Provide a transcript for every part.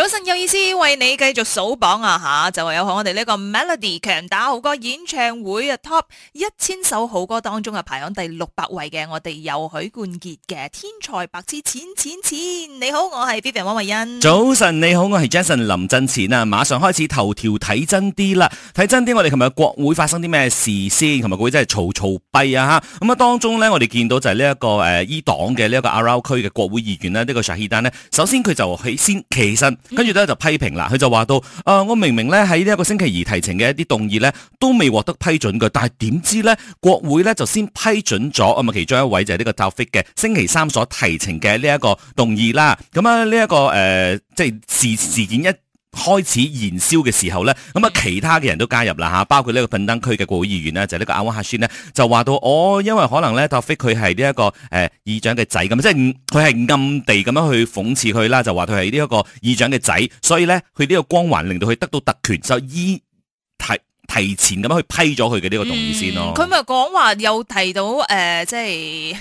早晨，有意思為你繼續數榜啊吓，就係有好我哋呢個 Melody 強打好歌演唱會啊，Top 一千首好歌當中啊，排行第六百位嘅，我哋有許冠傑嘅天才白痴錢錢錢。你好，我係 Vivian 王慧恩。早晨，你好，我係 Jason 林振前啊！馬上開始頭條睇真啲啦，睇真啲，我哋琴日國會發生啲咩事先？琴日會真係嘈嘈閉啊吓，咁啊當中呢，我哋見到就係呢一個誒，伊、呃、黨嘅呢一個阿拉區嘅國會議員呢。呢、這個 Shahidan 咧，首先佢就起先企起身。跟住咧就批評啦，佢就話到：啊、呃，我明明咧喺呢一個星期二提呈嘅一啲動議咧，都未獲得批准嘅，但係點知咧國會咧就先批准咗，啊、嗯、咪其中一位就係呢個道菲嘅星期三所提呈嘅呢一個動議啦。咁啊呢一個誒、呃、即係事事件一。開始燃燒嘅時候咧，咁啊其他嘅人都加入啦嚇，包括呢個笨登區嘅國會議員啦，就呢個阿瓦哈宣咧，就話、是、到哦，因為可能咧，托菲佢係呢一個誒、呃、議長嘅仔咁，即係佢係暗地咁樣去諷刺佢啦，就話佢係呢一個議長嘅仔，所以咧佢呢個光環令到佢得到特權就以提前咁去批咗佢嘅呢個動議先咯、嗯。佢咪講話又提到誒、呃，即係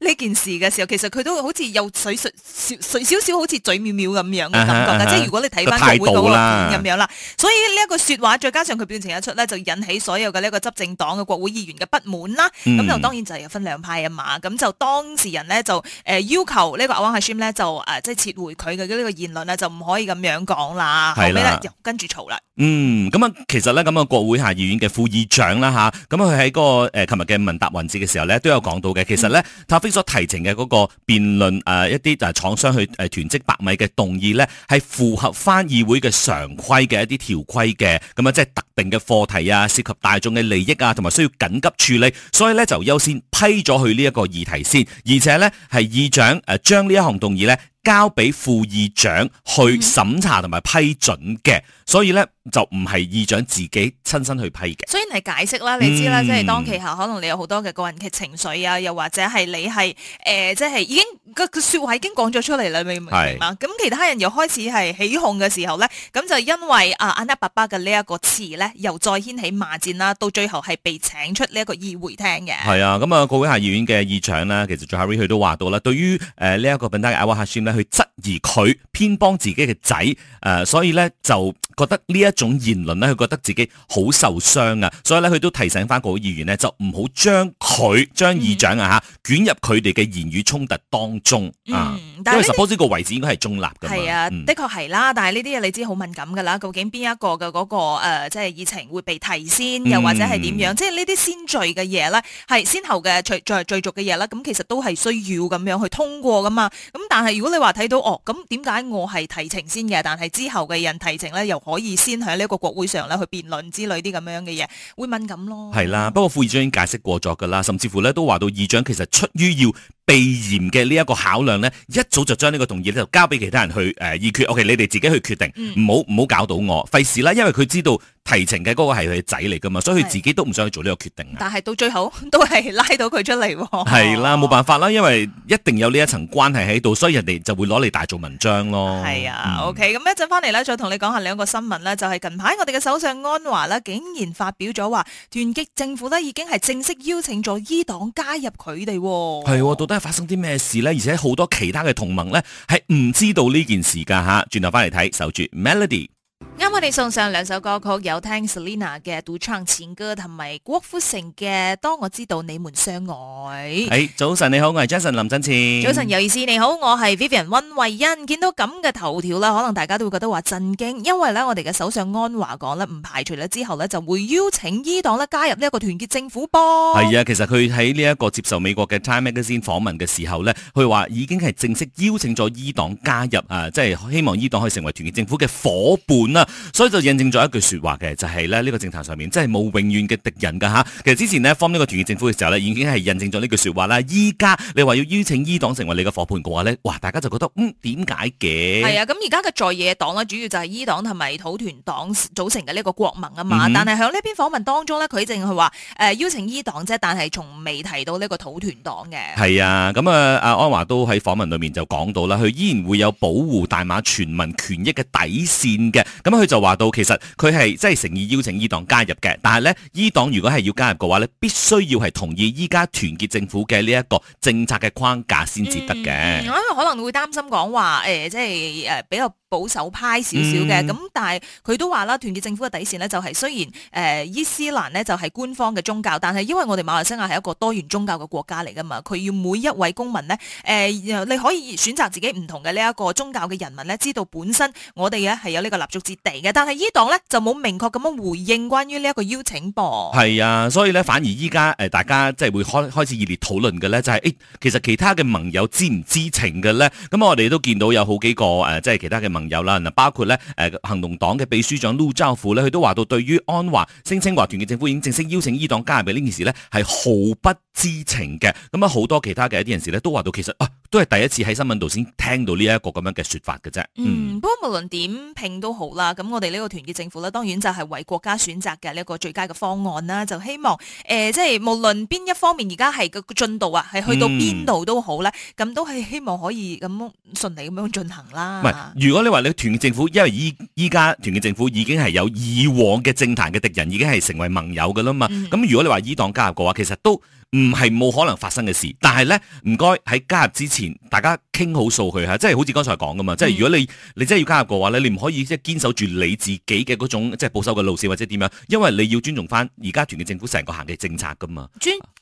呢件事嘅時候，其實佢都好似又水水，水水少少好似嘴藐藐咁樣嘅感覺。啊、哈即係如果你睇翻國會到錄咁樣啦，所以呢一個說話，再加上佢表情一出咧，就引起所有嘅呢個執政黨嘅國會議員嘅不滿啦。咁就、嗯、當然就係分兩派啊嘛。咁就當事人咧就誒要求個呢個阿王亞孫咧就即係撤回佢嘅呢個言論呢就唔可以咁樣講啦。後尾咧就跟住嘈啦。嗯，咁啊，其實咧咁啊會下議院嘅副議長啦吓，咁佢喺嗰個誒，琴日嘅問答環節嘅時候咧，都有講到嘅。其實咧，塔菲所提呈嘅嗰個辯論誒、呃，一啲就係廠商去誒囤積白米嘅動議咧，係符合翻議會嘅常規嘅一啲條規嘅。咁、嗯、樣即係特定嘅課題啊，涉及大眾嘅利益啊，同埋需要緊急處理，所以咧就優先批咗去呢一個議題先，而且咧係議長誒將呢一項動議咧交俾副議長去審查同埋批准嘅，嗯、所以咧。就唔係議長自己親身去批嘅，雖然係解釋啦。你知啦，嗯、即係當其下可能你有好多嘅個人嘅情緒啊，又或者係你係誒、呃，即係已經個說說話已經講咗出嚟啦，明唔明啊？咁是其他人又開始係起哄嘅時候咧，咁就因為、啊、阿阿伯伯嘅呢一個詞咧，又再掀起罵戰啦，到最後係被請出呢一個議會廳嘅。係啊，咁、嗯、啊，各位下議院嘅議長啦，其實下尾佢都話到啦，對於誒呢一個品丹嘅阿瓦克遜咧，去質疑佢偏幫自己嘅仔，誒、呃，所以咧就覺得呢一。一種言論咧，佢覺得自己好受傷啊，所以咧佢都提醒翻各位議員咧，就唔好將佢將議長啊吓捲入佢哋嘅言語衝突當中。嗯，但係 suppose 呢個位置應該係中立噶嘛？係啊，嗯、的確係啦，但係呢啲嘢你知好敏感噶啦，究竟邊一個嘅嗰、那個誒、呃，即係議程會被提先，又或者係點樣？嗯、即係呢啲先序嘅嘢咧，係先後嘅序序續嘅嘢啦。咁其實都係需要咁樣去通過噶嘛。咁但係如果你話睇到哦，咁點解我係提情先嘅，但係之後嘅人提情咧又可以先？喺呢個國會上咧，去辯論之類啲咁樣嘅嘢，會敏感咯。係啦，不過副議長已經解釋過咗噶啦，甚至乎咧都話到議長其實出於要避嫌嘅呢一個考量呢，一早就將呢個同意咧就交俾其他人去誒議決。OK，你哋自己去決定，唔好唔好搞到我，費事啦。因為佢知道提呈嘅嗰個係佢仔嚟噶嘛，所以佢自己都唔想去做呢個決定。但係到最後都係拉到佢出嚟。係啦，冇辦法啦，因為一定有呢一層關係喺度，所以人哋就會攞嚟大做文章咯。係啊，O K，咁一陣翻嚟呢，再同你講下兩個新聞啦。就係近排我哋嘅首相安華呢，竟然發表咗話，團結政府呢已經係正式邀請咗伊黨加入佢哋。係，到底？發生啲咩事咧？而且好多其他嘅同盟咧，係唔知道呢件事噶吓。轉頭翻嚟睇，守住 Melody。啱我哋送上兩首歌曲，有聽 Selina 嘅《獨唱前歌》同埋郭富城嘅《當我知道你們相愛》。誒，hey, 早晨你好，我係 Jason 林振前。早晨有意思，你好，我係 Vivian 溫慧欣。見到咁嘅頭條咧，可能大家都會覺得話震驚，因為咧我哋嘅首相安華講咧，唔排除咧之後咧就會邀請伊黨咧加入呢一個團結政府噃。係啊，其實佢喺呢一個接受美國嘅 Time Magazine 訪問嘅時候咧，佢話已經係正式邀請咗伊黨加入啊，即係希望伊黨可以成為團結政府嘅伙伴啦。所以就印證咗一句說話嘅，就係咧呢個政壇上面真係冇永遠嘅敵人噶吓。其實之前呢方 o 呢個團結政府嘅時候呢已經係印證咗呢句話現在說話啦。依家你話要邀請伊黨成為你嘅伙伴嘅話咧，哇，大家就覺得嗯點解嘅？係啊，咁而家嘅在野黨咧，主要就係伊黨同埋土團黨組成嘅呢個國盟啊嘛。嗯、但係喺呢篇訪問當中咧，佢淨係話誒邀請伊黨啫，但係從未提到呢個土團黨嘅。係啊，咁、嗯、啊阿安華都喺訪問裏面就講到啦，佢依然會有保護大馬全民權益嘅底線嘅。嗯佢就話到，其實佢係即係誠意邀請依、e、黨加入嘅，但係咧依黨如果係要加入嘅話咧，必須要係同意依家團結政府嘅呢一個政策嘅框架先至得嘅。我可能會擔心講話誒，即係誒比較。保守派少少嘅，咁、嗯、但係佢都話啦，團結政府嘅底線呢，就係雖然誒、呃、伊斯蘭呢，就係官方嘅宗教，但係因為我哋馬來西亞係一個多元宗教嘅國家嚟噶嘛，佢要每一位公民呢，誒、呃，你可以選擇自己唔同嘅呢一個宗教嘅人民呢，知道本身我哋呢係有呢個立足之地嘅，但係伊黨呢，就冇明確咁樣回應關於呢一個邀請噃。係啊，所以呢，反而依家誒大家即係會開開始熱烈討論嘅呢，就係誒「其實其他嘅盟友知唔知情嘅呢？」咁我哋都見到有好幾個誒，即係、呃、其他嘅盟。有啦，嗱，包括咧，誒，行動黨嘅秘書長陸兆福咧，佢都話到，對於安華聲稱話，團結政府已經正式邀請伊黨加入嘅呢件事咧，係毫不知情嘅。咁啊，好多其他嘅一啲人士咧，都話到，其實啊。都係第一次喺新聞度先聽到呢一個咁樣嘅說法嘅啫。嗯，不過無論點拼都好啦，咁我哋呢個團結政府咧，當然就係為國家選擇嘅呢一個最佳嘅方案啦。就希望、呃、即係無論邊一方面而家係個進度啊，係去到邊度都好啦咁、嗯、都係希望可以咁順利咁樣進行啦。如果你話你團結政府，因為依依家團結政府已經係有以往嘅政壇嘅敵人已經係成為盟友㗎啦嘛，咁、嗯、如果你話伊黨加入嘅話，其實都。唔係冇可能發生嘅事，但係咧唔該喺加入之前，大家傾好數據吓，即係好似剛才講噶嘛，即係如果你你真係要加入嘅話咧，你唔可以即係堅守住你自己嘅嗰種即係保守嘅路線或者點樣，因為你要尊重翻而家團結政府成個行嘅政策噶嘛，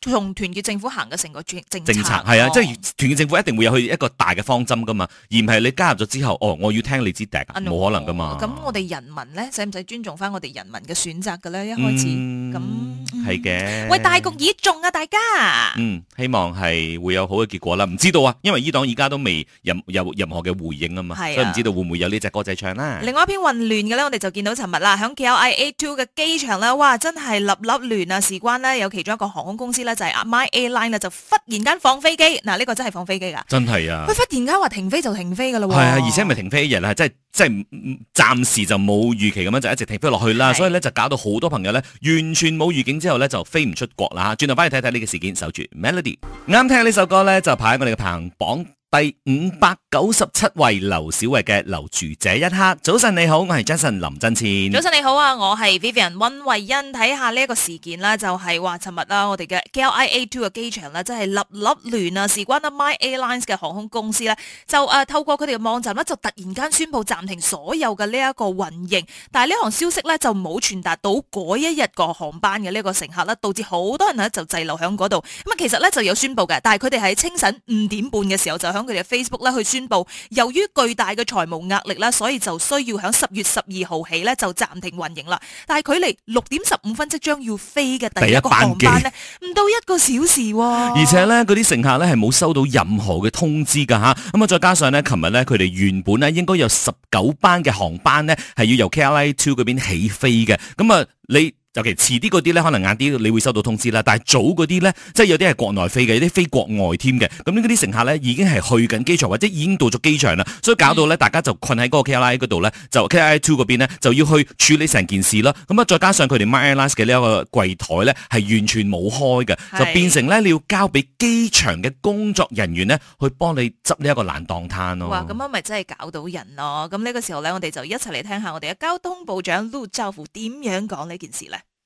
同團結政府行嘅成個政策政策係啊，哦、即係團結政府一定會有佢一個大嘅方針噶嘛，而唔係你加入咗之後，哦，我要聽你知敵，冇、嗯、可能噶嘛。咁我哋人民咧，使唔使尊重翻我哋人民嘅選擇嘅咧？一開始咁係嘅。喂，大局已啊，大家！嗯，希望係會有好嘅結果啦，唔知道啊，因為伊朗而家都未任有任何嘅回應啊嘛，啊所以唔知道會唔會有呢隻歌仔唱啦。另外一篇混亂嘅咧，我哋就見到尋日啦，響 KLIA Two 嘅機場咧，哇，真係立立亂啊！事關呢，有其中一個航空公司咧，就係、是、My Airline 咧，就忽然間放飛機，嗱、啊、呢、這個真係放飛機噶，真係啊，佢忽然間話停飛就停飛噶咯，係啊，而且咪停飛一日啦，即係即係暫時就冇預期咁樣就一直停飛落去啦，啊、所以咧就搞到好多朋友咧完全冇預警之後咧就飛唔出國啦吓，轉頭翻去睇睇你嘅。事件守住 Melody，啱聽呢首歌咧就排喺我哋嘅排行榜。第五百九十七位劉小慧嘅留住這一刻，早晨你好，我係 Jason 林振千。早晨你好啊，我係 Vivian 温慧欣。睇下呢一個事件啦，就係話尋日啦，我哋嘅 KLIA Two 嘅機場啦，真係粒粒亂啊！事關啊 My Airlines 嘅航空公司咧，就誒、啊、透過佢哋嘅網站咧，就突然間宣布暫停所有嘅呢一個運營，但係呢項消息咧就冇傳達到嗰一日個航班嘅呢個乘客啦，導致好多人咧就滯留響度。咁啊，其實咧就有宣布嘅，但係佢哋喺清晨五點半嘅時候就響。佢哋 Facebook 咧，去宣布由於巨大嘅財務壓力啦，所以就需要喺十月十二號起咧，就暫停運營啦。但係距離六點十五分即將要飛嘅第一個航班咧，唔到一個小時哦。而且咧，嗰啲乘客咧係冇收到任何嘅通知噶吓。咁啊，再加上咧，琴日咧，佢哋原本咧應該有十九班嘅航班咧係要由 KLIA Two 嗰邊起飛嘅。咁啊，你？尤其遲啲嗰啲咧，可能晏啲，你會收到通知啦。但係早嗰啲咧，即係有啲係國內飛嘅，有啲飛國外添嘅。咁呢啲乘客咧，已經係去緊機場或者已經到咗機場啦，所以搞到咧，大家就困喺嗰個 KLIA 嗰度咧，就 KLIA Two 嗰邊咧，就要去處理成件事啦。咁啊，再加上佢哋 MYAirline 嘅呢一個櫃枱咧，係完全冇開嘅，是就變成咧你要交俾機場嘅工作人員咧去幫你執呢一個爛檔攤咯。咁啊，咪真係搞到人咯。咁呢個時候咧，我哋就一齊嚟聽下我哋嘅交通部長陸兆福點樣講呢件事咧。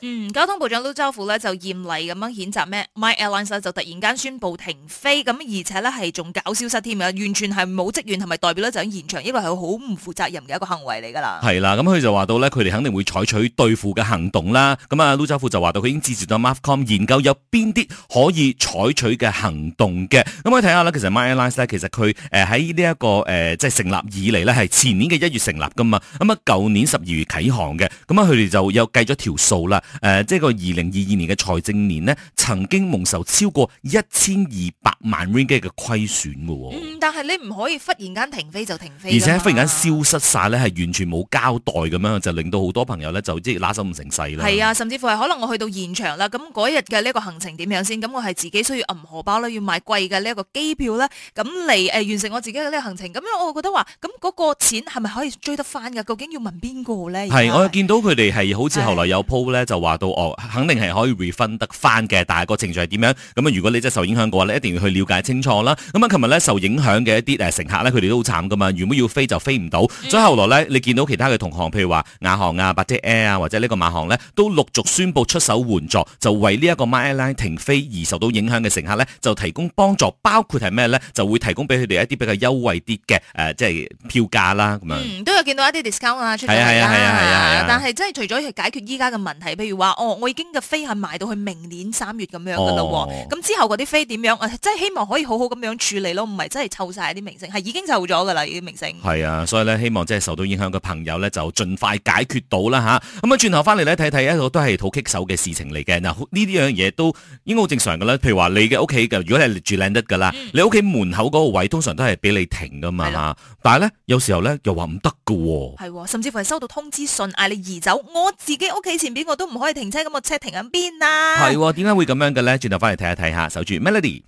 嗯，交通部長盧兆富咧就嚴厲咁樣譴責咩？My Airlines 咧就突然間宣佈停飛，咁而且咧係仲搞消失添，完全係冇職員係咪代表咧就喺現場，因為係好唔負責任嘅一個行為嚟噶啦。係啦，咁佢就話到咧，佢哋肯定會採取對付嘅行動啦。咁啊，盧兆富就話到佢已經支持咗 Marcom 研究有邊啲可以採取嘅行動嘅。咁可以睇下咧，其實 My Airlines 咧其實佢誒喺呢一個誒即係成立以嚟咧係前年嘅一月成立噶嘛，咁啊舊年十二月啟航嘅，咁啊佢哋就又計咗條數啦。誒、呃，即係個二零二二年嘅財政年呢，曾經蒙受超過一千二百萬 ringgit 嘅虧損嘅。嗯，但係你唔可以忽然間停飛就停飛，而且忽然間消失晒咧，係完全冇交代咁樣，就令到好多朋友咧就即係拿手唔成勢啦。係啊，甚至乎係可能我去到現場啦，咁嗰日嘅呢一個行程點樣先？咁我係自己需要銀荷包啦，要買貴嘅呢一個機票啦，咁嚟誒完成我自己嘅呢個行程。咁樣我覺得話，咁嗰個錢係咪可以追得翻嘅？究竟要問邊個咧？係是，是我又見到佢哋係好似後來有 po 咧就。話到哦，肯定係可以 refund 得翻嘅，但係個程序係點樣？咁啊，如果你真係受影響嘅話，一定要去了解清楚啦。咁啊，琴日咧受影響嘅一啲誒乘客咧，佢哋都好慘噶嘛，原本要飛就飛唔到，嗯、所以後來咧，你見到其他嘅同行，譬如話亞航啊、Batik Air 啊，或者個呢個馬航咧，都陸續宣佈出手援助，就為呢一個 MyAirline 停飛而受到影響嘅乘客咧，就提供幫助，包括係咩咧？就會提供俾佢哋一啲比較優惠啲嘅誒，即係票價啦。咁嗯，都有見到一啲 discount 啊出嚟係係係，但係真係除咗係解決依家嘅問題，譬如話哦，我已經嘅飛係賣到去明年三月咁樣噶啦，咁、哦嗯、之後嗰啲飛點樣啊？真係希望可以好好咁樣處理咯，唔係真係湊晒啲明星，係已經湊咗噶啦，啲明星。係啊，所以咧希望真係受到影響嘅朋友咧，就盡快解決到啦吓。咁啊，轉頭翻嚟咧睇睇一個都係好棘手嘅事情嚟嘅。嗱呢啲樣嘢都應該好正常噶啦。譬如話你嘅屋企嘅，如果係住靚得噶啦，嗯、你屋企門口嗰個位通常都係俾你停噶嘛，啊、但係咧有時候咧又話唔得噶喎。甚至乎係收到通知信嗌你移走，我自己屋企前邊我都唔。可以停車，咁個車停喺邊啊？係，點解會咁樣嘅咧？轉頭翻嚟睇一睇下，守住 Melody。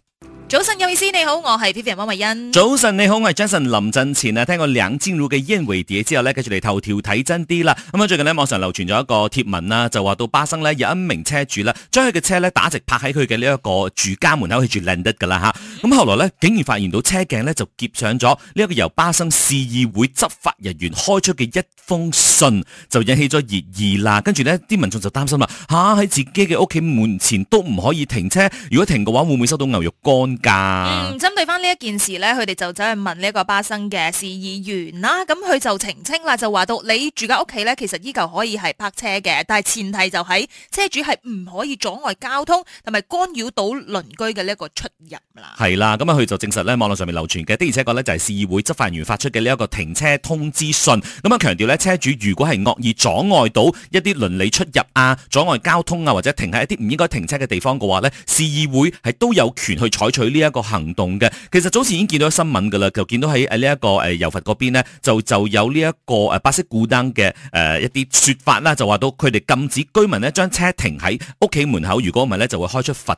早晨，有意思你好，我係 Peter 汪慧欣。早晨你好，我係 Jason。林振前啊，聽過梁靜茹嘅《燕尾蝶》之後呢，繼續嚟頭條睇真啲啦。咁、嗯、啊，最近呢網上流傳咗一個貼文啦，就話到巴生呢有一名車主咧，將佢嘅車呢打直拍喺佢嘅呢一個住家門口去住 landed 噶啦吓。咁、嗯嗯、後來呢竟然發現到車鏡呢就貼上咗呢一個由巴生市議會執法人員開出嘅一封信，就引起咗熱議啦。跟住呢啲民眾就擔心啊，吓喺自己嘅屋企門前都唔可以停車，如果停嘅話會唔會收到牛肉乾？嗯，針對翻呢一件事呢，佢哋就走去問呢個巴生嘅市議員啦。咁佢就澄清啦，就話到你住嘅屋企呢，其實依舊可以係泊車嘅，但係前提就喺車主係唔可以阻礙交通同埋干擾到鄰居嘅呢個出入啦。係啦，咁啊佢就證實呢網絡上面流傳嘅的而且確呢，就係市議會執法人員發出嘅呢一個停車通知信。咁啊強調呢，車主如果係惡意阻礙到一啲鄰里出入啊，阻礙交通啊，或者停喺一啲唔應該停車嘅地方嘅話呢，市議會係都有權去採取。呢一個行動嘅，其實早前已經見到了新聞噶啦，就見到喺誒、這個呃、呢一個誒油佛嗰邊咧，就就有呢、這個呃呃、一個誒白色固燈嘅誒一啲說法啦，就話到佢哋禁止居民咧將車停喺屋企門口，如果唔係咧就會開出罰。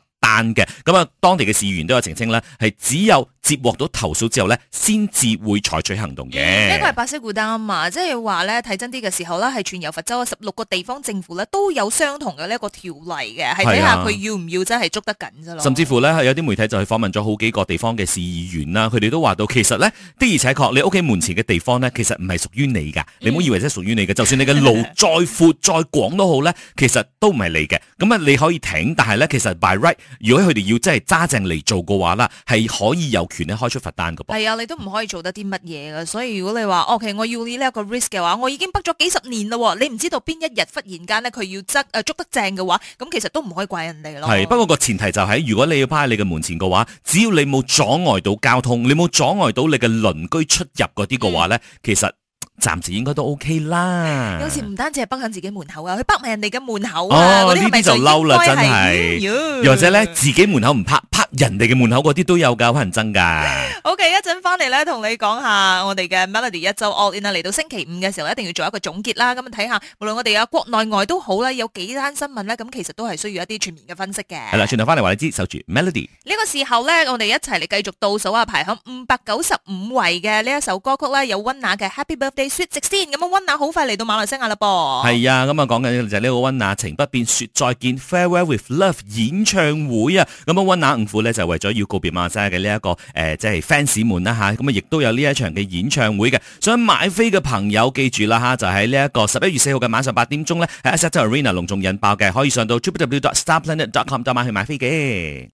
嘅咁啊，當地嘅市議員都有澄清啦，係只有接獲到投訴之後咧，先至會採取行動嘅。呢個係白色孤單啊嘛，即係話咧睇真啲嘅時候啦，係全猶佛州十六個地方政府咧都有相同嘅呢一個條例嘅，係睇下佢要唔要真係捉得緊啫咯、啊。甚至乎咧，有啲媒體就去訪問咗好幾個地方嘅市議員啦，佢哋都話到其實咧的而且確，你屋企門前嘅地方咧，其實唔係屬於你噶。嗯、你唔好以為真係屬於你嘅，就算你嘅路再闊 再廣都好咧，其實都唔係你嘅。咁啊，你可以停，但係咧，其實 by right。如果佢哋要真係揸正嚟做嘅話啦，係可以有權咧開出罰單噃。係啊，你都唔可以做得啲乜嘢嘅。所以如果你話，哦，OK，我要呢一個 risk 嘅話，我已經泊咗幾十年啦，你唔知道邊一日忽然間咧佢要執誒、啊、捉得正嘅話，咁其實都唔可以怪人哋咯。係是，哦、不過個前提就係、是，如果你要泊喺你嘅門前嘅話，只要你冇阻礙到交通，你冇阻礙到你嘅鄰居出入嗰啲嘅話咧，嗯、其實。暫時應該都 OK 啦。有時唔單止係泊響自己門口啊，佢泊埋人哋嘅門口啊，嗰啲咪就嬲啦，真係，又或者咧自己門口唔泊泊，泊人哋嘅門口嗰啲都有噶，好認真噶。OK，一陣翻嚟咧，同你講下我哋嘅 Melody 一週 all in 啊，嚟到星期五嘅時候一定要做一個總結啦。咁啊，睇下無論我哋啊國內外都好啦，有幾單新聞咧，咁其實都係需要一啲全面嘅分析嘅。係啦，轉頭翻嚟話你知，守住 Melody 呢個時候咧，我哋一齊嚟繼續倒數啊，排行五百九十五位嘅呢一首歌曲咧，有温拿嘅 Happy Birthday Sweet Sixteen 先。咁啊，温拿好快嚟到馬來西亞啦噃。係啊，咁啊講緊就係呢個温拿情不變説再見 farewell with love 演唱會啊。咁啊，温拿唔負。咧，就為咗要告別馬莎嘅呢一個誒，即係 fans 們啦吓，咁啊亦都有呢一場嘅演唱會嘅，想以買飛嘅朋友記住啦吓、啊，就喺呢一個十一月四號嘅晚上八點鐘咧，喺 Santana Arena 隆重引爆嘅，可以上到 www.starplanet.com 到買去買飛嘅。